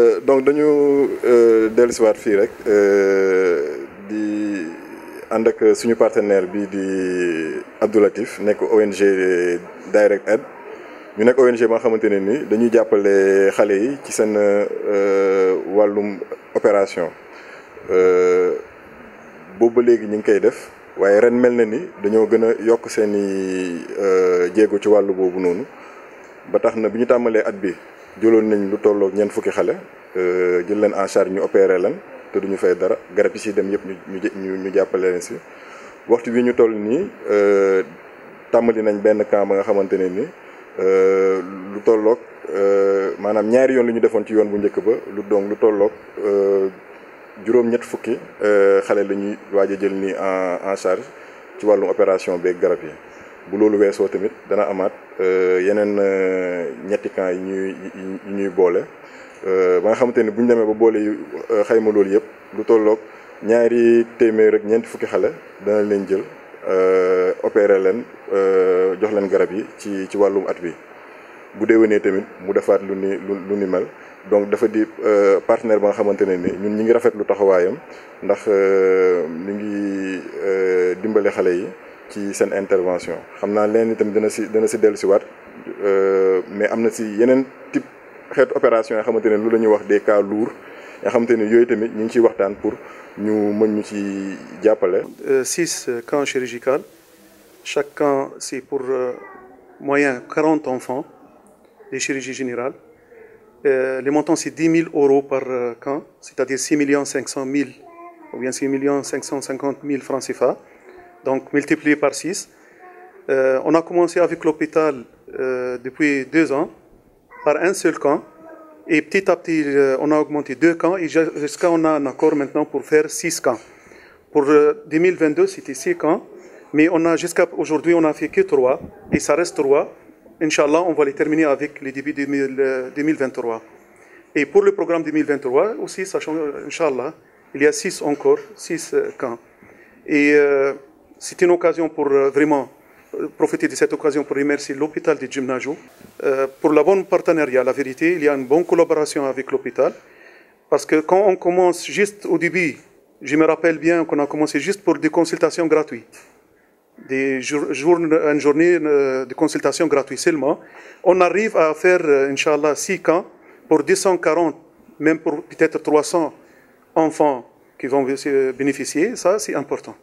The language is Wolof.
Euh, donc dañu euh, dellusiwaat fii rek euh, di ànd ak suñu partenaire bi di Abdou Latif nekk ONG Direct Aid ñu nekk ONG ba nga xamante ne ni dañuy jàppale xale yi ci seen wàllum opération boobu ba léegi ñu ngi koy def waaye ren mel na ni dañoo gën a yokk seen i jéego ci wàllu boobu noonu ba tax na bi ñu tàmbalee at bi jëloon nañ lu tolloo ñeent fukki xale euh, jël leen en charge ñu opéré leen te duñu fay dara garab yi si dem yëpp ñu ñu jàppale leen si waxtu bi ñu toll nii euh, tàmbali nañ benn camp ba nga xamante ne ni euh, lu tolloog maanaam ñaari yoon lu ñu defoon ci yoon bu njëkk ba lu donc lu tolloog juróom-ñett fukki xale la ñuy waaj jël nii en en charge ci wàllum opération beeg garab yi. bu loolu weesoo tamit dana amaat euh, yeneen euh, ñetti camp yi ñuy ñuy boole euh, ba nga xamante ni bu ñu demee ba boole yu xayma loolu yëpp lu tollook ñaari téeméer rek ñeenti fukki xale dana leen jël opéré leen jox leen garab yi ci ci wàllum at bi bu déwénee tamit mu defaat lu ni lu ni mel donc dafa di partenaire ba nga xamante ne ni ñun ñi ngi rafet lu taxawaayam ndax mu ngi dimbali xale yi. ci seen intervention xam naa leen itam dina si dina si dellu si waat euh, mais am na si yeneen type xeetu opération yoo xamante ne lu la ñuy wax des cas lourd nga xamante ne yooyu tamit ñu ngi ciy waxtaan pour ñu mën ñu ci jàppale. Euh, six euh, camps chirurgical chaque camp c'est pour moyen quarante enfants des chirurgies générales euh, le montant c'est dix mille euros par euh, camp c'est-à-dire six millions cinq cent mille ou bien six millions cinq cent cinquante mille francs CFA donc multiplié par 6. Euh, on a commencé avec l'hôpital euh, depuis deux ans, par un seul camp, et petit à petit, euh, on a augmenté deux camps, et jusqu'à on a un accord maintenant pour faire 6 camps. Pour 2022, c'était six camps, mais on a jusqu'à aujourd'hui, on a fait que trois, et ça reste trois. Inch'Allah, on va les terminer avec le début 2023. Et pour le programme 2023, aussi, sachant, Inch'Allah, il y a 6 encore, 6 camps. Et c'est une occasion pour euh, vraiment euh, profiter de cette occasion pour remercier l'hôpital de Gymnasio euh, pour la bonne partenariat. La vérité, il y a une bonne collaboration avec l'hôpital parce que quand on commence juste au début, je me rappelle bien qu'on a commencé juste pour des consultations gratuites. Des une journée de consultation gratuites seulement. On arrive à faire, Inch'Allah, 6 camps pour 240, même pour peut-être 300 enfants qui vont bénéficier. Ça, c'est important.